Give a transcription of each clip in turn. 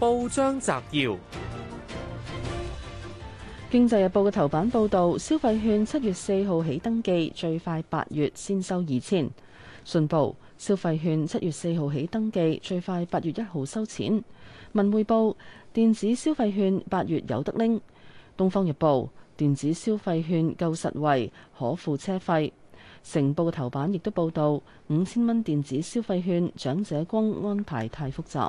報章摘要：經濟日報嘅頭版報道，消費券七月四號起登記，最快八月先收二千。信報：消費券七月四號起登記，最快八月一號收錢。文匯報：電子消費券八月有得拎。東方日報：電子消費券夠實惠，可付車費。成報嘅頭版亦都報道，五千蚊電子消費券，長者光安排太複雜。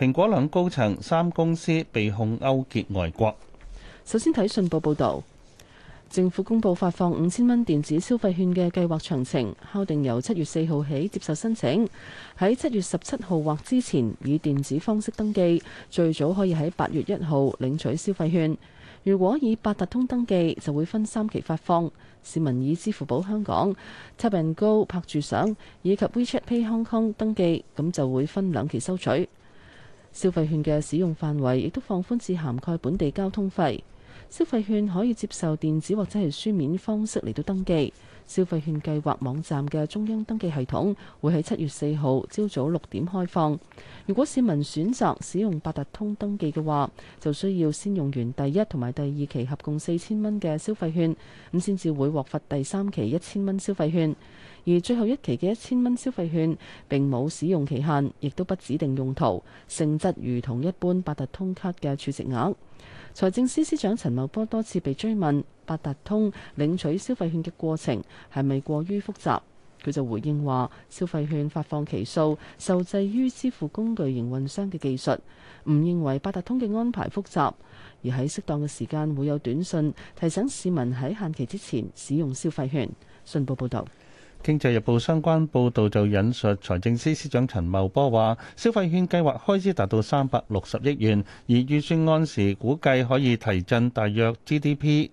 蘋果兩高層三公司被控勾結外國。首先睇信報報道，政府公布發放五千蚊電子消費券嘅計劃詳情，敲定由七月四號起接受申請，喺七月十七號或之前以電子方式登記，最早可以喺八月一號領取消費券。如果以八達通登記，就會分三期發放；市民以支付寶香港、Tap & Go 拍住賞以及 WeChat Pay Hong Kong 登記，咁就會分兩期收取。消費券嘅使用範圍亦都放寬至涵蓋本地交通費。消費券可以接受電子或者係書面方式嚟到登記。消費券計劃網站嘅中央登記系統會喺七月四號朝早六點開放。如果市民選擇使用八達通登記嘅話，就需要先用完第一同埋第二期合共四千蚊嘅消費券，咁先至會獲發第三期一千蚊消費券。而最後一期嘅一千蚊消費券並冇使用期限，亦都不指定用途，性質如同一般八達通卡嘅儲值額。財政司司長陳茂波多次被追問八達通領取消費券嘅過程係咪過於複雜，佢就回應話：消費券發放期數受制於支付工具營運商嘅技術，唔認為八達通嘅安排複雜，而喺適當嘅時間會有短信提醒市民喺限期之前使用消費券。信報報道。經濟日報相關報導就引述財政司司長陳茂波話，消費券計劃開支達到三百六十億元，而預算案時估計可以提振大約 GDP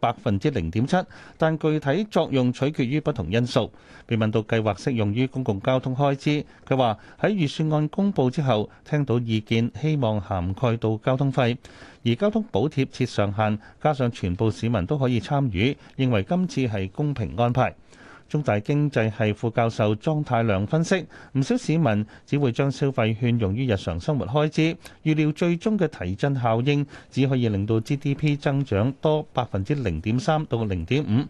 百分之零點七，但具體作用取決於不同因素。被問到計劃適用於公共交通開支，佢話喺預算案公布之後聽到意見，希望涵蓋到交通費，而交通補貼設上限，加上全部市民都可以參與，認為今次係公平安排。中大經濟系副教授莊太良分析，唔少市民只會將消費券用於日常生活開支，預料最終嘅提振效應只可以令到 GDP 增長多百分之零點三到零點五。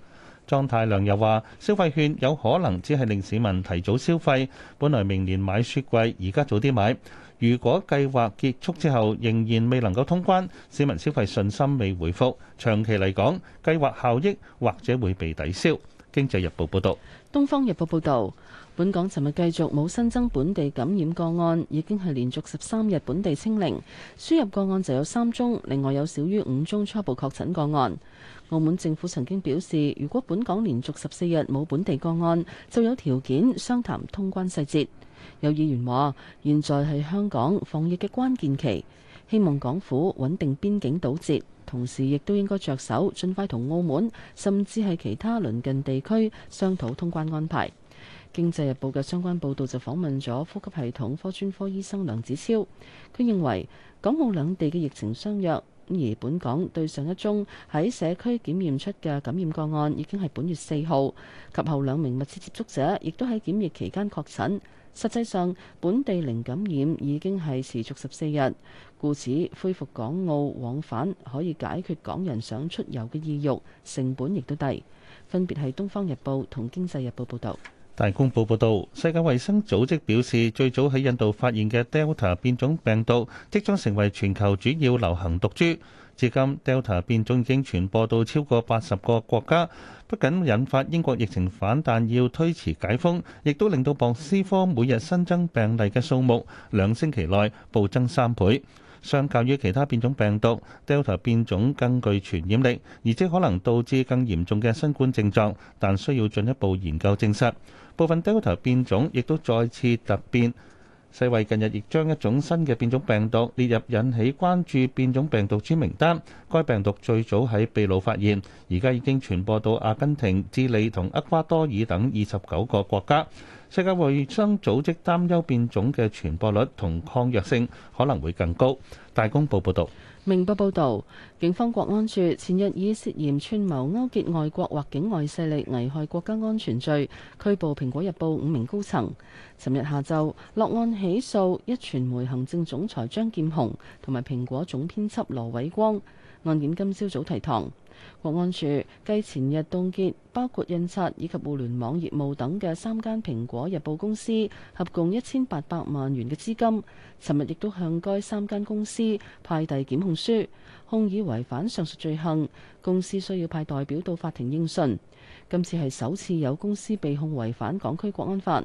莊太良又話，消費券有可能只係令市民提早消費，本來明年買雪櫃，而家早啲買。如果計劃結束之後仍然未能夠通關，市民消費信心未回復，長期嚟講，計劃效益或者會被抵消。《經濟日報》報道，《東方日報》報導，本港尋日繼續冇新增本地感染個案，已經係連續十三日本地清零，輸入個案就有三宗，另外有少於五宗初步確診個案。澳門政府曾經表示，如果本港連續十四日冇本地個案，就有條件商談通關細節。有議員話，現在係香港防疫嘅關鍵期，希望港府穩定邊境堵截。同時，亦都應該着手盡快同澳門，甚至係其他鄰近地區商討通關安排。經濟日報嘅相關報導就訪問咗呼吸系統科專科醫生梁子超，佢認為港澳兩地嘅疫情相若，而本港對上一宗喺社區檢驗出嘅感染個案已經係本月四號，及後兩名密切接觸者亦都喺檢疫期間確診。實際上，本地零感染已經係持續十四日，故此恢復港澳往返可以解決港人想出遊嘅意欲，成本亦都低。分別係《東方日報》同《經濟日報》報導。大公報報導，世界衛生組織表示，最早喺印度發現嘅 Delta 變種病毒，即將成為全球主要流行毒株。至今，Delta 變種已經傳播到超過八十個國家，不僅引發英國疫情反彈，要推遲解封，亦都令到莫斯科每日新增病例嘅數目兩星期內暴增三倍。相較於其他變種病毒，Delta 變種更具傳染力，而且可能導致更嚴重嘅新冠症狀，但需要進一步研究證實。部分 Delta 變種亦都再次突變。世衛近日亦將一種新嘅變種病毒列入引起關注變種病毒之名單。該病毒最早喺秘魯發現，而家已經傳播到阿根廷、智利同厄瓜多爾等二十九個國家。世界衛生組織擔憂變種嘅傳播率同抗藥性可能會更高。大公報報道，明報報道，警方國安處前日以涉嫌串謀勾結外國或境外勢力危害國家安全罪拘捕《蘋果日報》五名高層。尋日下晝落案起訴壹傳媒行政總裁張劍虹同埋蘋果總編輯羅偉光。案件今朝早早提堂。國安處繼前日凍結包括印刷以及互聯網業務等嘅三間蘋果日報公司合共一千八百萬元嘅資金，尋日亦都向該三間公司派遞檢控書，控以違反上述罪行，公司需要派代表到法庭應訊。今次係首次有公司被控違反港區國安法。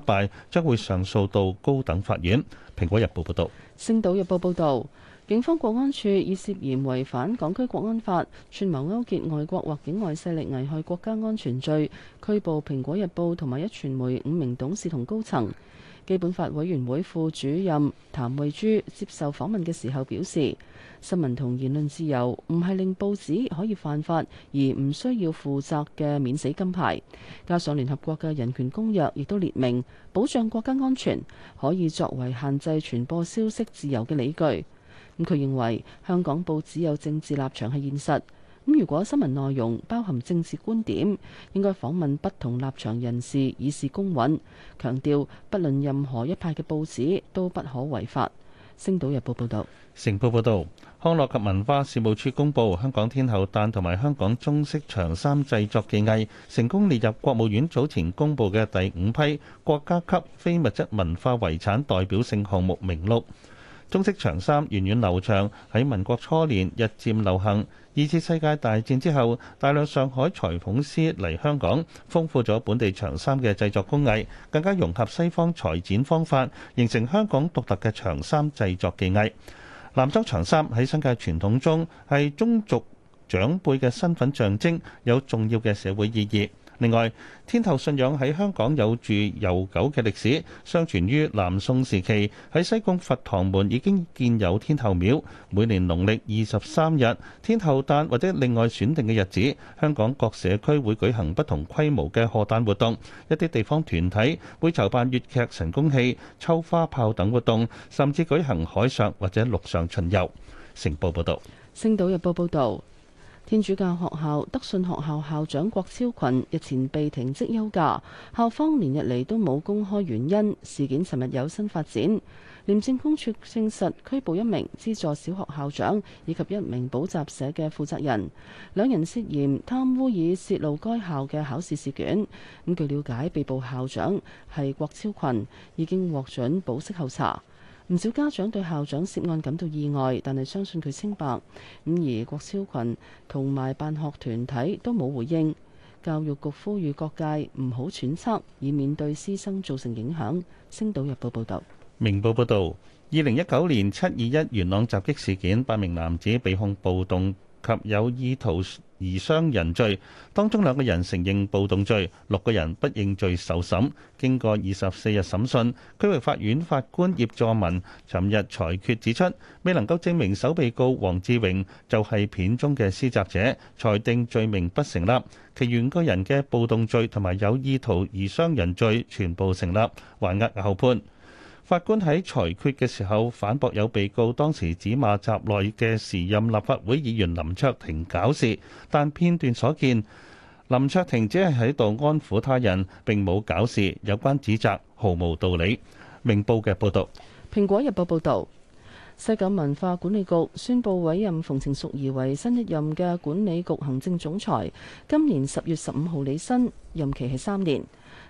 敗，方將會上訴到高等法院。蘋果日報報道，星島日報報道，警方國安處以涉嫌違反港區國安法，串謀勾結外國或境外勢力危害國家安全罪，拘捕蘋果日報同埋壹傳媒五名董事同高層。基本法委員會副主任譚慧珠接受訪問嘅時候表示：新聞同言論自由唔係令報紙可以犯法而唔需要負責嘅免死金牌。加上聯合國嘅《人權公約》亦都列明，保障國家安全可以作為限制傳播消息自由嘅理據，咁佢認為香港報紙有政治立場係現實。咁如果新聞內容包含政治觀點，應該訪問不同立場人士以示公允。強調，不論任何一派嘅報紙都不可違法。《星島日報》報導，《成報》報導，康樂及文化事務處公布，香港天后誕同埋香港中式長衫製作技藝成功列入國務院早前公布嘅第五批國家級非物質文化遺產代表性項目名錄。中式長衫源遠流長，喺民國初年日漸流行。二次世界大戰之後，大量上海裁縫師嚟香港，豐富咗本地長衫嘅製作工藝，更加融合西方裁剪方法，形成香港獨特嘅長衫製作技藝。南洲長衫喺新界傳統中係宗族長輩嘅身份象徵，有重要嘅社會意義。另外，天后信仰喺香港有住悠久嘅歷史，相傳於南宋時期。喺西貢佛堂門已經建有天后廟，每年農曆二十三日，天后誕或者另外選定嘅日子，香港各社區會舉行不同規模嘅賀誕活動，一啲地方團體會籌辦粵劇神功戲、抽花炮等活動，甚至舉行海上或者陸上巡遊。成報報道，星島日報報道。天主教學校德信學校校長郭超群日前被停職休假，校方連日嚟都冇公開原因。事件尋日有新發展，廉政公署證實拘捕一名資助小學校長以及一名補習社嘅負責人，兩人涉嫌貪污以泄露該校嘅考試試卷。咁據了解，被捕校長係郭超群，已經獲准保釋候查。唔少家長對校長涉案感到意外，但係相信佢清白。咁而郭超群同埋辦學團體都冇回應。教育局呼籲各界唔好揣測，以免對師生造成影響。《星島日報》報道，《明報》報道，二零一九年七二一元朗襲擊事件，八名男子被控暴動及有意圖而傷人罪，當中兩個人承認暴動罪，六個人不認罪受審。經過二十四日審訊，區域法院法官葉佐文尋日裁決指出，未能夠證明首被告黃志榮就係片中嘅施襲者，裁定罪名不成立。其餘個人嘅暴動罪同埋有意圖而傷人罪全部成立，還押後判。法官喺裁決嘅時候反駁有被告當時指罵集內嘅時任立法會議員林卓廷搞事，但片段所見，林卓廷只係喺度安撫他人，並冇搞事，有關指責毫無道理。明報嘅報導。蘋果日報報導，西九文化管理局宣布委任馮程淑儀為新一任嘅管理局行政總裁，今年十月十五號履新，任期係三年。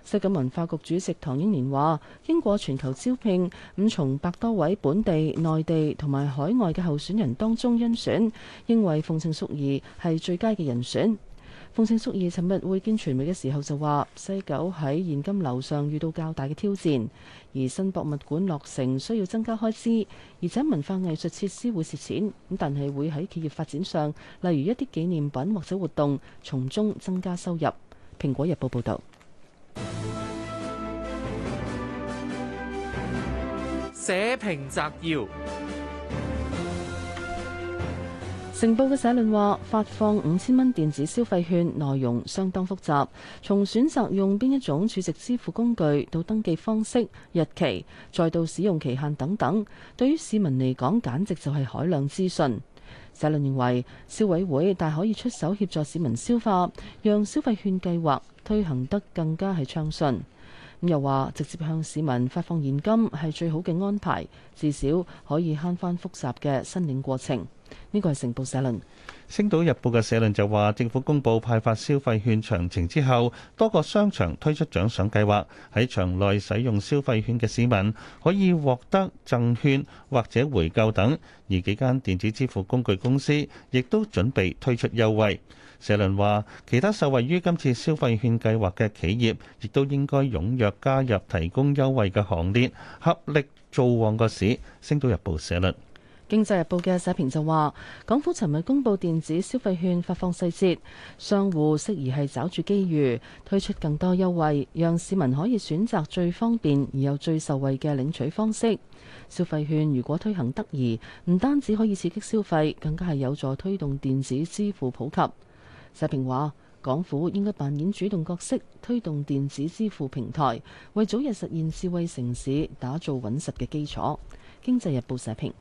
西九文化局主席唐英年話，經過全球招聘，咁，從百多位本地、內地同埋海外嘅候選人當中甄選，因為馮程淑儀係最佳嘅人選。馮程淑儀尋日會見傳媒嘅時候就話，西九喺現金流上遇到較大嘅挑戰，而新博物館落成需要增加開支，而且文化藝術設施會蝕錢，咁，但係會喺企業發展上，例如一啲紀念品或者活動從中增加收入。《蘋果日報》報道。社評摘要。成報嘅社論話，發放五千蚊電子消費券內容相當複雜，從選擇用邊一種儲值支付工具到登記方式、日期，再到使用期限等等，對於市民嚟講，簡直就係海量資訊。社論認為，消委會大可以出手協助市民消化，讓消費券計劃推行得更加係暢順。咁又話直接向市民發放現金係最好嘅安排，至少可以慳翻複雜嘅申領過程。呢個係《城報社論》，《星島日報》嘅社論就話，政府公布派發消費券詳情之後，多個商場推出獎賞計劃，喺場內使用消費券嘅市民可以獲得贈券或者回購等，而幾間電子支付工具公司亦都準備推出優惠。社論話，其他受惠於今次消費券計劃嘅企業，亦都應該踴躍加入提供優惠嘅行列，合力做旺個市。《星島日報》社論，《經濟日報》嘅社評就話，港府尋日公布電子消費券發放細節，商戶適宜係抓住機遇，推出更多優惠，讓市民可以選擇最方便而又最受惠嘅領取方式。消費券如果推行得宜，唔單止可以刺激消費，更加係有助推動電子支付普及。社評話，港府應該扮演主動角色，推動電子支付平台，為早日實現智慧城市打造穩實嘅基礎。經濟日報社評，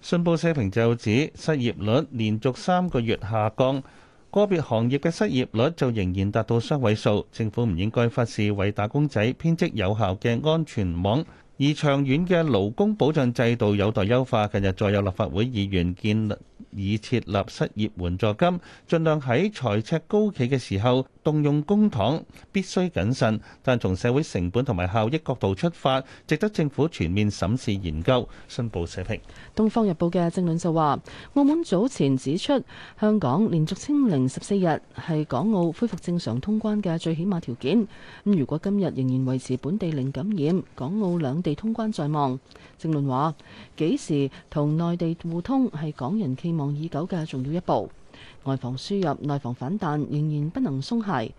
信報社評就指失業率連續三個月下降，個別行業嘅失業率就仍然達到雙位數。政府唔應該忽視為打工仔編織有效嘅安全網，而長遠嘅勞工保障制度有待優化。近日再有立法會議員建。以設立失業援助金，盡量喺財赤高企嘅時候，動用公帑必須謹慎，但從社會成本同埋效益角度出發，值得政府全面審視研究。新報社評，《東方日報》嘅政論就話，澳門早前指出，香港連續清零十四日係港澳恢復正常通關嘅最起碼條件。咁如果今日仍然維持本地零感染，港澳兩地通關在望。政論話，幾時同內地互通係港人期望已久嘅重要一步。外防輸入、內防反彈仍然不能鬆懈。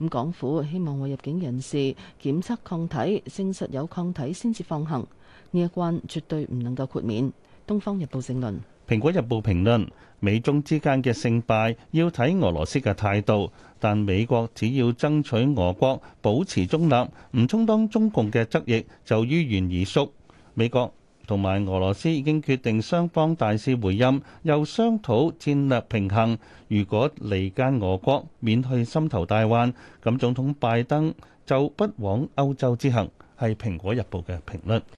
咁港府希望我入境人士檢測抗體，證實有抗體先至放行，呢一關絕對唔能夠豁免。《東方日報》正論，《蘋果日報》評論，美中之間嘅勝敗要睇俄羅斯嘅態度，但美國只要爭取俄國保持中立，唔充當中共嘅側翼，就於願而縮。美國。同埋俄羅斯已經決定雙方大使回任，又商討戰略平衡。如果離間俄國，免去心頭大患，咁總統拜登就不枉歐洲之行。係《蘋果日報》嘅評論。